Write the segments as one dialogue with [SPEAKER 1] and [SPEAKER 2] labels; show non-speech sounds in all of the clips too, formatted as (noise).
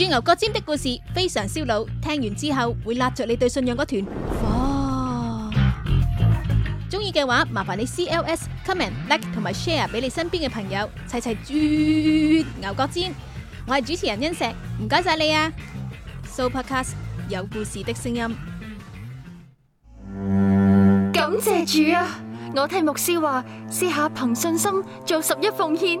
[SPEAKER 1] 鑽牛角尖的故事非常燒腦，聽完之後會拉著你對信仰嗰團火。中意嘅話，麻煩你 CLS、comment、like 同埋 share 俾你身邊嘅朋友，齊齊鑽牛角尖。我係主持人欣石，唔該晒你啊！So podcast 有故事的聲音，
[SPEAKER 2] 感謝主啊！我聽牧師話，試下憑信心做十一奉獻。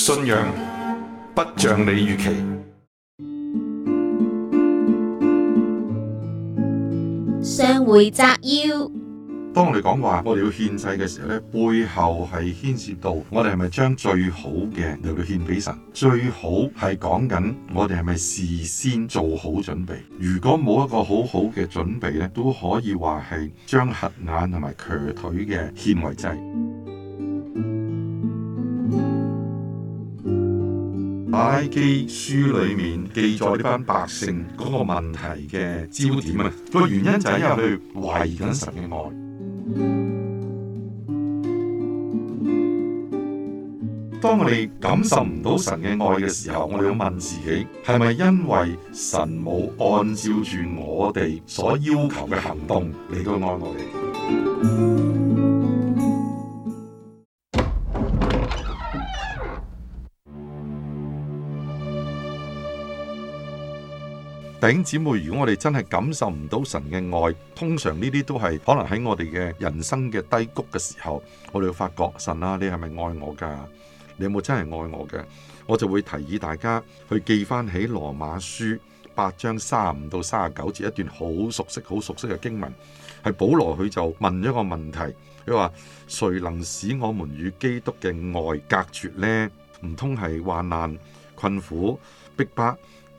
[SPEAKER 3] 信仰不像你預期。
[SPEAKER 1] 上回摘要，
[SPEAKER 3] 當我哋講話我哋要獻祭嘅時候咧，背後係牽涉到我哋係咪將最好嘅又嚟獻俾神？最好係講緊我哋係咪事先做好準備？如果冇一個好好嘅準備咧，都可以話係將瞎眼同埋瘸腿嘅獻為祭。《拉基書》裏面記載呢班百姓嗰個問題嘅焦點啊。個原因就係因為佢懷疑緊神嘅愛。當我哋感受唔到神嘅愛嘅時候，我哋要問自己，係咪因為神冇按照住我哋所要求嘅行動嚟到愛我哋？弟兄姊妹，如果我哋真係感受唔到神嘅愛，通常呢啲都係可能喺我哋嘅人生嘅低谷嘅時候，我哋會發覺神啊，你係咪愛我㗎？你有冇真係愛我嘅？我就會提議大家去記翻起羅馬書八章三十五到三十九節一段好熟悉、好熟悉嘅經文，係保羅佢就問咗個問題，佢話誰能使我們與基督嘅愛隔絕呢？唔通係患難、困苦、逼迫、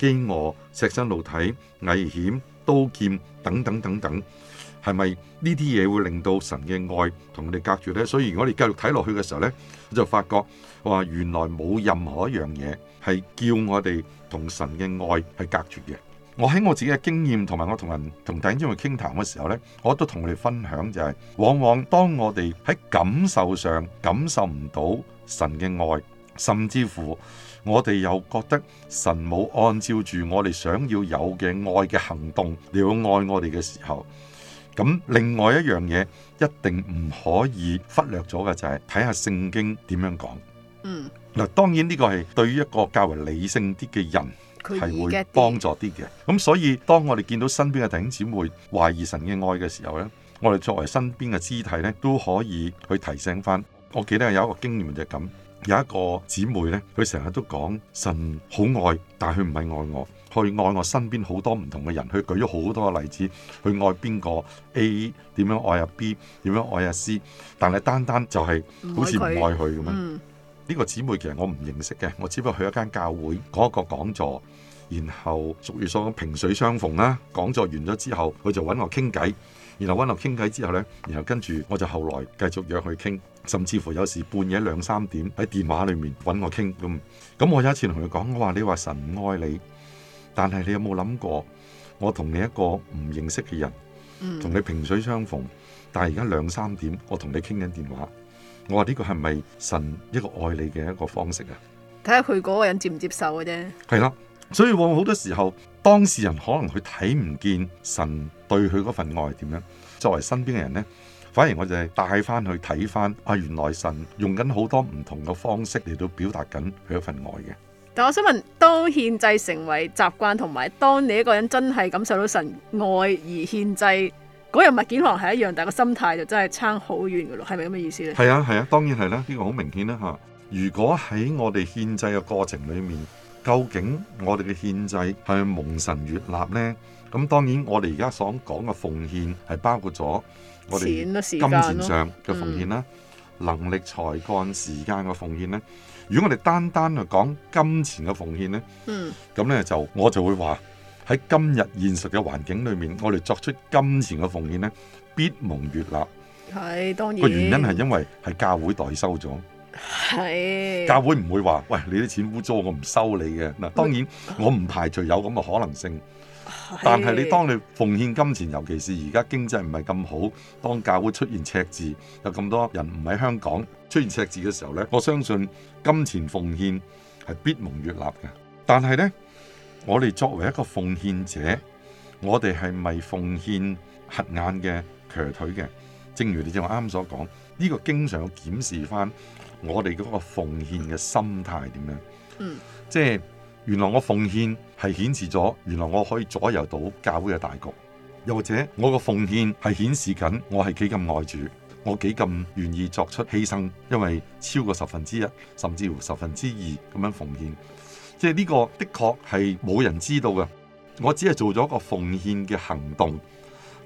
[SPEAKER 3] 饑餓、石身露體、危險、刀劍等等等等，係咪呢啲嘢會令到神嘅愛同我哋隔住呢？所以如果你繼，我哋繼續睇落去嘅時候呢，就發覺話原來冇任何一樣嘢係叫我哋同神嘅愛係隔住嘅。我喺我自己嘅經驗，同埋我同人同弟兄們傾談嘅時候呢，我都同佢哋分享就係、是，往往當我哋喺感受上感受唔到神嘅愛，甚至乎。我哋又覺得神冇按照住我哋想要有嘅愛嘅行動嚟去愛我哋嘅時候，咁另外一樣嘢一定唔可以忽略咗嘅就係睇下聖經點樣講。嗯，嗱當然呢個係對於一個較為理性啲嘅人係會幫助啲嘅。咁所以當我哋見到身邊嘅弟兄姊妹懷疑神嘅愛嘅時候呢，我哋作為身邊嘅肢體呢，都可以去提醒翻。我記得有一個經驗就係咁。有一個姊妹呢，佢成日都講神好愛，但係佢唔係愛我，佢愛我身邊好多唔同嘅人，佢舉咗好多嘅例子，佢愛邊個 A 點樣愛啊 B 點樣愛啊 C，但係單單就係好似唔愛佢咁樣。呢、嗯、個姊妹其實我唔認識嘅，我只不過去一間教會講一個講座，然後俗語所講萍水相逢啦，講座完咗之後佢就揾我傾偈。然後溫流傾偈之後呢，然後跟住我就後來繼續約佢傾，甚至乎有時半夜兩三點喺電話裏面揾我傾咁。咁我有一次同佢講，我話你話神唔愛你，但係你有冇諗過我同你一個唔認識嘅人，同、嗯、你萍水相逢，但係而家兩三點我同你傾緊電話，我話呢個係咪神一個愛你嘅一個方式啊？
[SPEAKER 1] 睇下佢嗰個人接唔接受嘅、啊、啫。
[SPEAKER 3] 係啦。所以往往好多時候，當事人可能佢睇唔見神對佢嗰份愛係點樣。作為身邊嘅人呢，反而我就係帶翻去睇翻啊，原來神用緊好多唔同嘅方式嚟到表達緊佢一份愛嘅。
[SPEAKER 1] 但我想問，當獻祭成為習慣，同埋當你一個人真係感受到神愛而獻祭，嗰樣物件可能係一樣，但個心態就真係差好遠噶咯，係咪咁嘅意思呢？係啊，
[SPEAKER 3] 係啊，當然係啦，呢個好明顯啦吓。如果喺我哋獻祭嘅過程裏面。究竟我哋嘅獻祭係蒙神悅納呢？咁當然我哋而家所講嘅奉獻係包括咗我哋金錢上嘅奉獻啦，啊嗯、能力、才幹、時間嘅奉獻呢。如果我哋單單嚟講金錢嘅奉獻呢，咁呢，就我就會話喺今日現實嘅環境裏面，我哋作出金錢嘅奉獻呢，必蒙悅納。
[SPEAKER 1] 係當然個原因係因
[SPEAKER 3] 為係教會代收咗。
[SPEAKER 1] 係是教
[SPEAKER 3] 會唔會話，喂，你啲錢污糟，我唔收你嘅。嗱，當然我唔排除有咁嘅可能性，
[SPEAKER 2] 是但係你當你
[SPEAKER 3] 奉獻金錢，尤其是而家經濟唔係咁好，當教會出現赤字，有咁多人唔喺香港出現赤字嘅時候呢，我相信金錢奉獻係必蒙悅納嘅。但係呢，我哋作為一個奉獻者，我哋係咪奉獻黑眼嘅、瘸腿嘅？正如你正話啱啱所講，呢個經常要檢視翻。我哋嗰個奉獻嘅心態點樣？嗯，即係原來我奉獻係顯示咗原來我可以左右到教會嘅大局，又或者我嘅奉獻係顯示緊我係幾咁愛主，我幾咁願意作出犧牲，因為超過十分之一，甚至乎十分之二咁樣奉獻。即係呢個的確係冇人知道嘅，我只係做咗個奉獻嘅行動，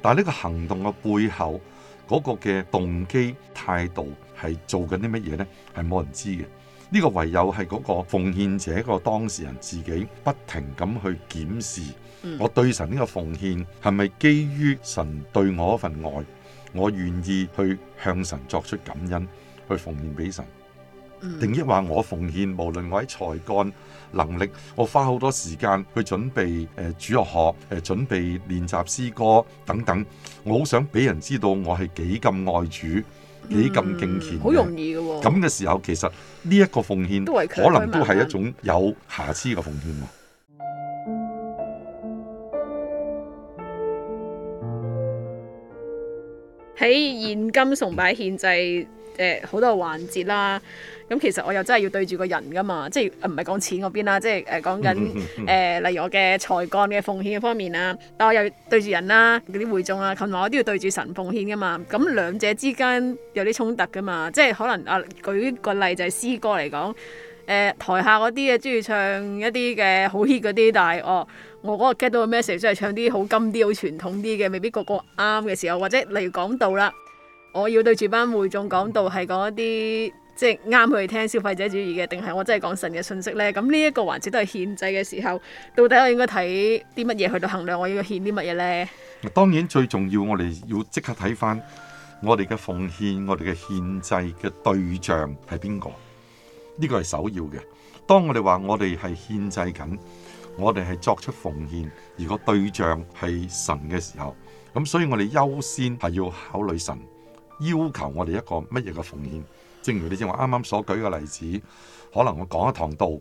[SPEAKER 3] 但係呢個行動嘅背後嗰個嘅動機態度，係做緊啲乜嘢呢？係冇人知嘅。呢個唯有係嗰個奉獻者個當事人自己不停咁去檢視，我對神呢個奉獻係咪基於神對我嗰份愛？我願意去向神作出感恩，去奉獻俾神。定抑話我奉獻，無論我喺才幹、能力，我花好多時間去準備誒主日學，誒準備練習詩歌等等，我好想俾人知道我係幾咁愛主。幾，咁敬虔，好、嗯、容易
[SPEAKER 1] 嘅喎、哦。咁嘅
[SPEAKER 3] 時候，其實呢一個奉獻，可能都係一種有瑕疵嘅奉獻喎。
[SPEAKER 1] 喺現今崇拜獻祭。誒好多環節啦，咁其實我又真係要對住個人噶嘛，即係唔係講錢嗰邊啦，即係誒講緊誒， (laughs) 例如我嘅才幹嘅奉獻嘅方面啊。但我又對住人啦，嗰啲會眾啊，同埋我都要對住神奉獻噶嘛，咁兩者之間有啲衝突噶嘛，即係可能啊，舉個例子就係詩歌嚟講，誒台下嗰啲誒中意唱一啲嘅好 hit 嗰啲，但係哦，我嗰個 get 到個 message 即係唱啲好金啲好傳統啲嘅，未必個個啱嘅時候，或者例如講到啦。我要對住班會眾講到係講一啲即係啱佢哋聽消費者主義嘅，定係我真係講神嘅信息呢。咁呢一個環節都係獻祭嘅時候，到底我應該睇啲乜嘢去到衡量我應該獻啲乜嘢呢？
[SPEAKER 3] 當然最重要，我哋要即刻睇翻我哋嘅奉獻，我哋嘅獻祭嘅對象係邊個？呢個係首要嘅。當我哋話我哋係獻祭緊，我哋係作出奉獻，如果對象係神嘅時候，咁所以我哋優先係要考慮神。要求我哋一個乜嘢嘅奉獻？正如你正話啱啱所舉嘅例子，可能我講一堂道，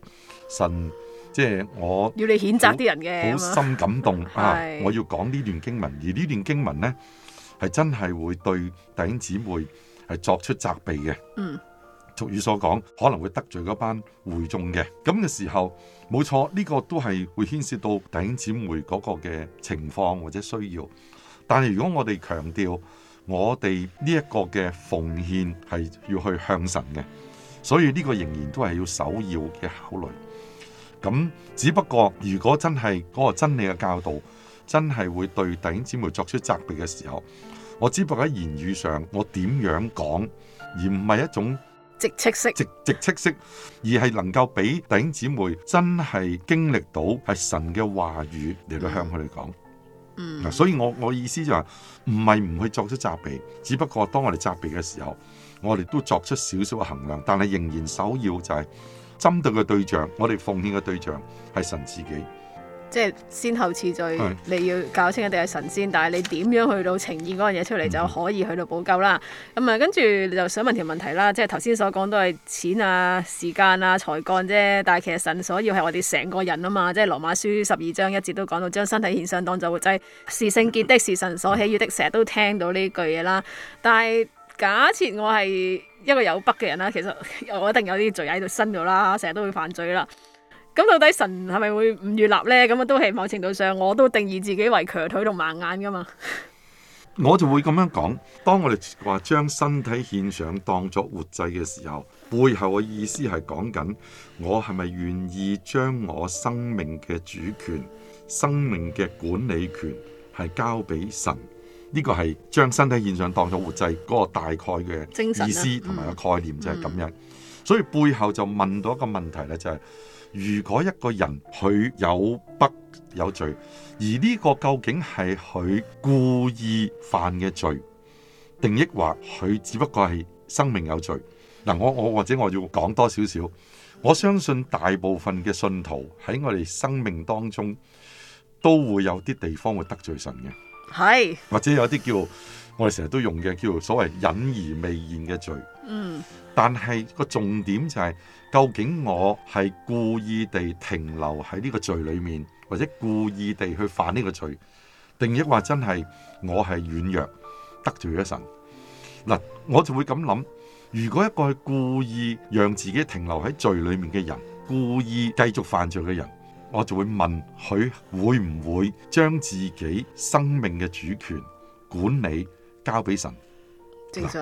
[SPEAKER 3] 神即係我
[SPEAKER 1] 要你譴責啲人嘅，好深
[SPEAKER 3] 感動的啊！我要講呢段經文，而呢段經文咧係真係會對弟兄姊妹係作出責備嘅。嗯，俗語所講，可能會得罪嗰班會眾嘅。咁嘅時候，冇錯，呢、這個都係會牽涉到弟兄姊妹嗰個嘅情況或者需要。但係如果我哋強調，我哋呢一個嘅奉獻係要去向神嘅，所以呢個仍然都係要首要嘅考慮。咁只不過如果真係嗰個真理嘅教導真係會對弟兄姊妹作出責備嘅時候，我只不過喺言語上我點樣講，而唔係一種直斥式，直直斥式，而係能夠俾弟兄姊妹真係經歷到係神嘅話語嚟到向佢哋講。嗯，所以我我意思就係，唔係唔去作出責備，只不過當我哋責備嘅時候，我哋都作出少少嘅衡量，但係仍然首要就係，針對嘅對象，我哋奉獻嘅對象係神自己。
[SPEAKER 1] 即係先後次序，是你要搞清一定係神仙，但係你點樣去到呈現嗰樣嘢出嚟就可以去到補救啦。咁啊、嗯，跟住你就想問條問題啦，即係頭先所講都係錢啊、時間啊、才幹啫。但係其實神所要係我哋成個人啊嘛，即係羅馬書十二章一節都講到將身體獻上當作活祭，是聖潔的，是神所喜悅的。成日都聽到呢句嘢啦。但係假設我係一個有不嘅人啦，其實我一定有啲罪喺度生咗啦，成日都會犯罪啦。咁到底神係咪會唔悅納呢？咁啊，都係某程度上，我都定義自己為瘸腿同盲眼噶嘛。
[SPEAKER 3] 我就會咁樣講：當我哋話將身體獻上當作活祭嘅時候，背後嘅意思係講緊我係咪願意將我生命嘅主權、生命嘅管理權係交俾神？呢、這個係將身體獻上當作活祭嗰個大概嘅意思同埋個概念就係咁樣。啊嗯嗯、所以背後就問到一個問題咧、就是，就係。如果一個人佢有不有罪，而呢個究竟係佢故意犯嘅罪，定抑或佢只不過係生命有罪？嗱，我我或者我要講多少少。我相信大部分嘅信徒喺我哋生命當中都會有啲地方會得罪神嘅，係或者有一啲叫。我哋成日都用嘅叫做所謂隱而未現嘅罪，嗯，但係個重點就係究竟我係故意地停留喺呢個罪裏面，或者故意地去犯呢個罪，定抑或真係我係軟弱得罪咗神？嗱，我就會咁諗：如果一個係故意讓自己停留喺罪裏面嘅人，故意繼續犯罪嘅人，我就會問佢會唔會將自己生命嘅主權管理，交俾神，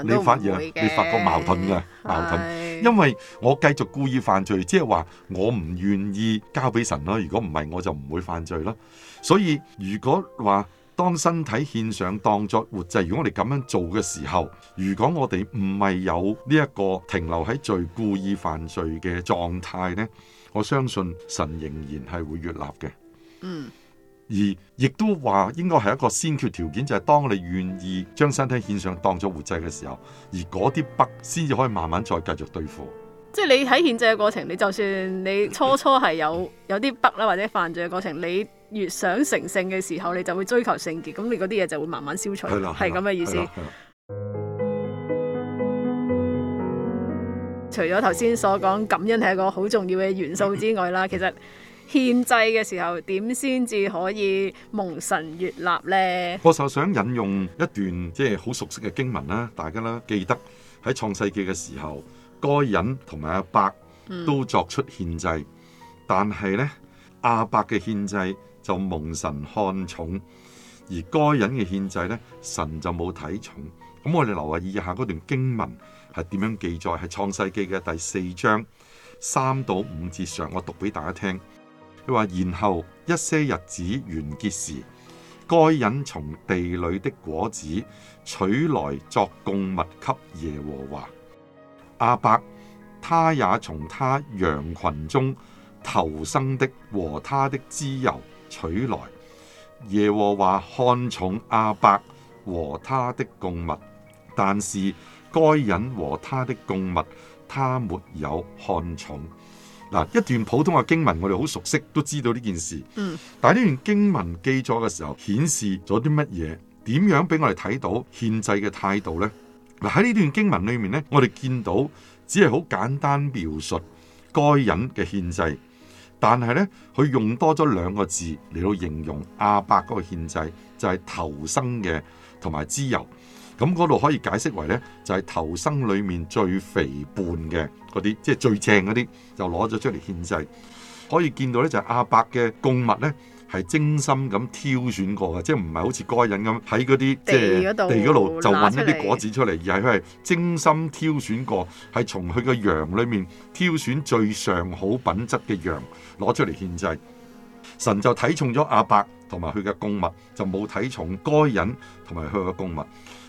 [SPEAKER 1] 你發現你發覺矛盾嘅矛盾，的因
[SPEAKER 3] 為我繼續故意犯罪，即係話我唔願意交俾神咯。如果唔係，我就唔會犯罪啦。所以如果話當身體獻上當作活祭，就是，如果我哋咁樣做嘅時候，如果我哋唔係有呢一個停留喺罪，故意犯罪嘅狀態呢，我相信神仍然係會悅納嘅。嗯。而亦都話應該係一個先決條件，就係、是、當你願意將身體獻上當咗活祭嘅時候，而嗰啲北先至可以慢慢再繼續對付。
[SPEAKER 1] 即係你喺獻祭嘅過程，你就算你初初係有有啲北啦，或者犯罪嘅過程，你越想成聖嘅時候，你就會追求聖潔，咁你嗰啲嘢就會慢慢消除，係咁嘅意思。啊啊啊、除咗頭先所講感恩係一個好重要嘅元素之外啦， (laughs) 其實。獻祭嘅時候點先至可以蒙神悅納呢？我
[SPEAKER 3] 就想引用一段即係好熟悉嘅經文啦，大家啦記得喺創世紀嘅時候，該隱同埋阿伯都作出獻祭，嗯、但係呢，阿伯嘅獻祭就蒙神看重，而該隱嘅獻祭呢，神就冇睇重。咁我哋留意下以下段經文係點樣記載，係創世紀嘅第四章三到五節上，我讀俾大家聽。佢話：然後一些日子完結時，該隱從地裏的果子取來作供物給耶和華。阿伯他也從他羊群中頭生的和他的脂油取來。耶和華看重阿伯和他的供物，但是該隱和他的供物，他沒有看重。嗱，一段普通嘅經文，我哋好熟悉，都知道呢件事。嗯，但係呢段經文記咗嘅時候，顯示咗啲乜嘢？點樣俾我哋睇到獻祭嘅態度呢？嗱，喺呢段經文裏面呢，我哋見到只係好簡單描述該人嘅獻祭，但係呢，佢用多咗兩個字嚟到形容亞伯嗰個獻祭，就係、是、投生嘅同埋自由。咁嗰度可以解釋為咧，就係頭生裏面最肥胖嘅嗰啲，即係最正嗰啲，就攞咗出嚟獻祭。可以見到咧，就係阿伯嘅供物咧，係精心咁挑選過嘅，即係唔係好似該人咁喺嗰啲即係地嗰度就揾一啲果子出嚟，而係佢係精心挑選過，係從佢嘅羊裏面挑選最上好品質嘅羊攞出嚟獻祭。神就睇重咗阿伯同埋佢嘅供物，就冇睇重該人同埋佢嘅供物。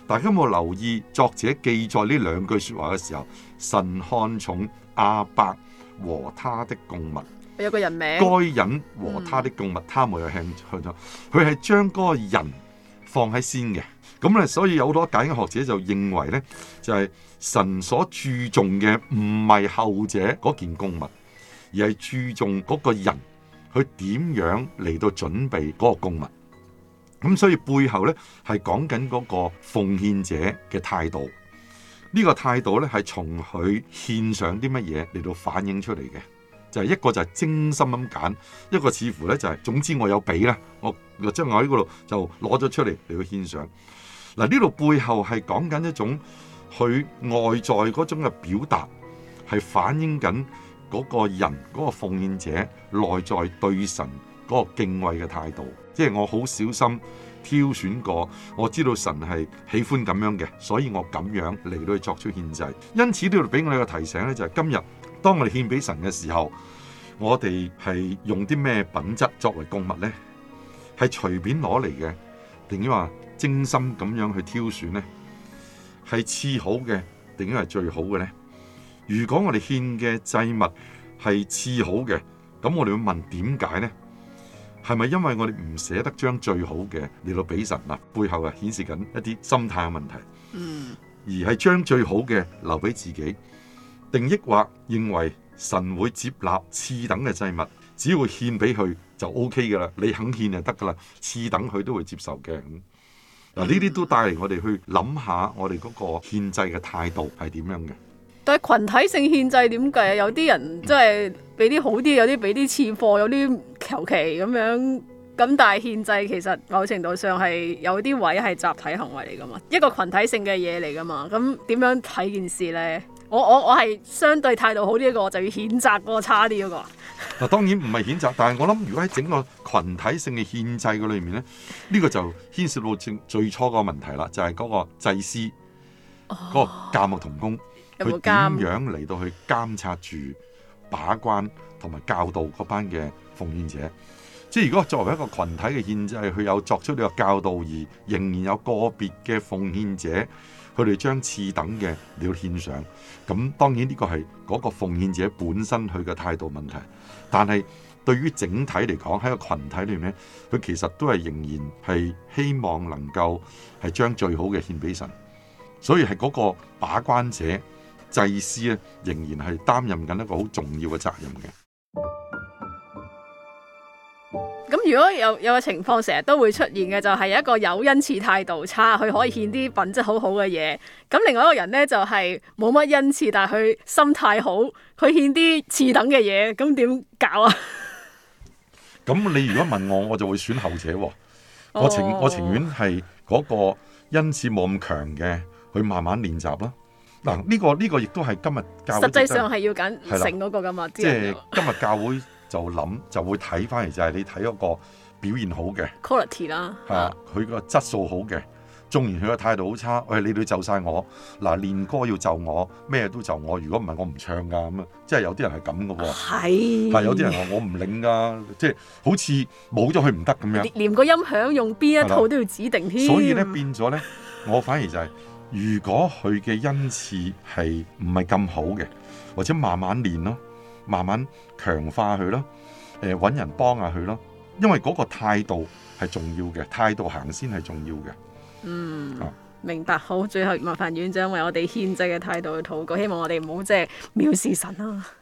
[SPEAKER 3] 大家有冇留意作者記載呢兩句說話嘅時候，神看重阿伯和他的供物？
[SPEAKER 1] 有個人名，該
[SPEAKER 3] 隱和他的供物、嗯，他冇有興趣咗？佢係將嗰個人放喺先嘅，咁咧，所以有好多解經學者就認為咧，就係、是、神所注重嘅唔係後者嗰件供物，而係注重嗰個人，佢點樣嚟到準備嗰個供物。咁所以背後咧係講緊嗰個奉獻者嘅態度，呢、這個態度咧係從佢獻上啲乜嘢嚟到反映出嚟嘅，就係、是、一個就係精心咁揀一個似乎咧就係、是、總之我有俾啦，我將我喺嗰度就攞咗出嚟嚟去獻上。嗱呢度背後，係講緊一種佢外在嗰種嘅表達，係反映緊嗰個人嗰、那個奉獻者內在對神。嗰個敬畏嘅態度，即係我好小心挑選過，我知道神係喜歡咁樣嘅，所以我咁樣嚟到去作出獻祭。因此呢度俾我哋個提醒咧，就係今日當我哋獻俾神嘅時候，我哋係用啲咩品質作為供物咧？係隨便攞嚟嘅，定抑或精心咁樣去挑選咧？係次好嘅，定抑或最好嘅咧？如果我哋獻嘅祭物係次好嘅，咁我哋會問點解咧？係咪因為我哋唔捨得將最好嘅嚟到俾神啊？背後啊顯示緊一啲心態嘅問題。嗯，而係將最好嘅留俾自己，定抑或認為神會接納次等嘅祭物，只要獻俾佢就 OK 噶啦。你肯獻就得噶啦，次等佢都會接受嘅。嗱，呢啲都帶嚟我哋去諗下我哋嗰個獻祭嘅態度係點樣嘅。
[SPEAKER 1] 但係群體性獻祭點計啊？有啲人即係俾啲好啲，有啲俾啲次貨，有啲求其咁樣咁。但係獻祭其實某程度上係有啲位係集體行為嚟噶嘛，一個群體性嘅嘢嚟噶嘛。咁點樣睇件事咧？我我我係相對態度好啲、嗰個，一個就要譴責嗰個差啲、嗰、嗰個。
[SPEAKER 3] 嗱，當然唔係譴責，但係我諗如果喺整個群體性嘅獻祭嘅裏面咧，呢、呢個就牽涉到最初個問題啦，就係、係、嗰個祭司。嗰個教牧同工，
[SPEAKER 2] 佢點、哦、樣
[SPEAKER 3] 嚟到去監察住、把關同埋教導嗰班嘅奉獻者？即係如果作為一個群體嘅獻祭，佢有作出呢個教導，而仍然有個別嘅奉獻者，佢哋將次等嘅料獻上。咁當然呢個係嗰個奉獻者本身佢嘅態度問題。但係對於整體嚟講，喺個群體裏面，咧，佢其實都係仍然係希望能夠係將最好嘅獻俾神。所以係嗰個把關者、祭司咧，仍然係擔任緊一個好重要嘅責任嘅。
[SPEAKER 1] 咁如果有有個情況，成日都會出現嘅，就係、是、一個有恩賜態度差，佢可以獻啲品質好好嘅嘢，咁、嗯、另外一個人呢，就係冇乜恩賜，但係佢心態好，佢獻啲次等嘅嘢，咁點搞啊？
[SPEAKER 3] 咁 (laughs) 你如果問我，我就會選後者。我情、哦、我情願係嗰個恩賜冇咁強嘅。佢慢慢練習啦。嗱、啊，呢、這個呢、這個亦都係今日教會。實際上係要揀成嗰
[SPEAKER 1] 個噶嘛。即係、就是、
[SPEAKER 3] 今日教會就諗就會睇翻嚟，就係你睇嗰個表現好嘅
[SPEAKER 1] quality 啦。
[SPEAKER 3] 嚇，佢個質素好嘅，縱然佢個態度好差，喂、哎，你都要就晒我。嗱、啊，練歌要就我，咩都就我。如果唔係我唔唱噶，咁啊，即、就、係、是、有啲人係咁噶喎。係。是
[SPEAKER 2] 的 但有啲人話我唔
[SPEAKER 3] 領噶，即、就、係、是、好似冇咗佢唔得咁樣。
[SPEAKER 1] 連個音響用邊一套都要指定添。所以咧
[SPEAKER 3] 變咗咧，我反而就係、是。如果佢嘅恩賜係唔係咁好嘅，或者慢慢練咯，慢慢強化佢咯，誒搵人幫下佢咯，因為嗰個態度係重要嘅，態度行先係重要嘅。
[SPEAKER 1] 嗯，明白好。最後麻煩院長為我哋獻祭嘅態度去禱告，希望我哋唔好即係藐視神啦、啊。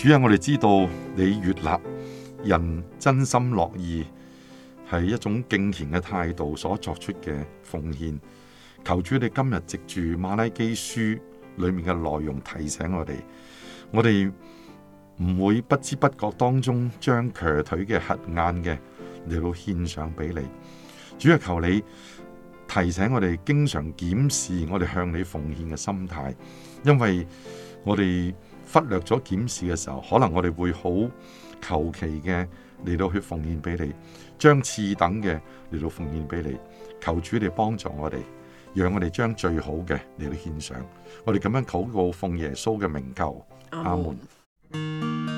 [SPEAKER 3] 主啊，我哋知道你悅納人真心樂意，係一種敬虔嘅態度所作出嘅奉獻。求主你今日藉住馬拉基書裏面嘅內容提醒我哋，我哋唔會不知不覺當中將瘸腿嘅黑眼嘅嚟到獻上俾你。主啊，求你提醒我哋，經常檢視我哋向你奉獻嘅心態，因為我哋忽略咗檢視嘅時候，可能我哋會好求其嘅嚟到，去奉獻俾你，將次等嘅嚟到奉獻俾你，求主嚟幫助我哋，讓我哋將最好嘅嚟到獻上，我哋咁樣禱告奉耶穌嘅名救阿門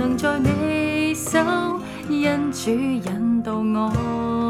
[SPEAKER 2] 能在你手，因主引導我。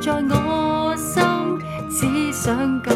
[SPEAKER 2] 常在我心，只想。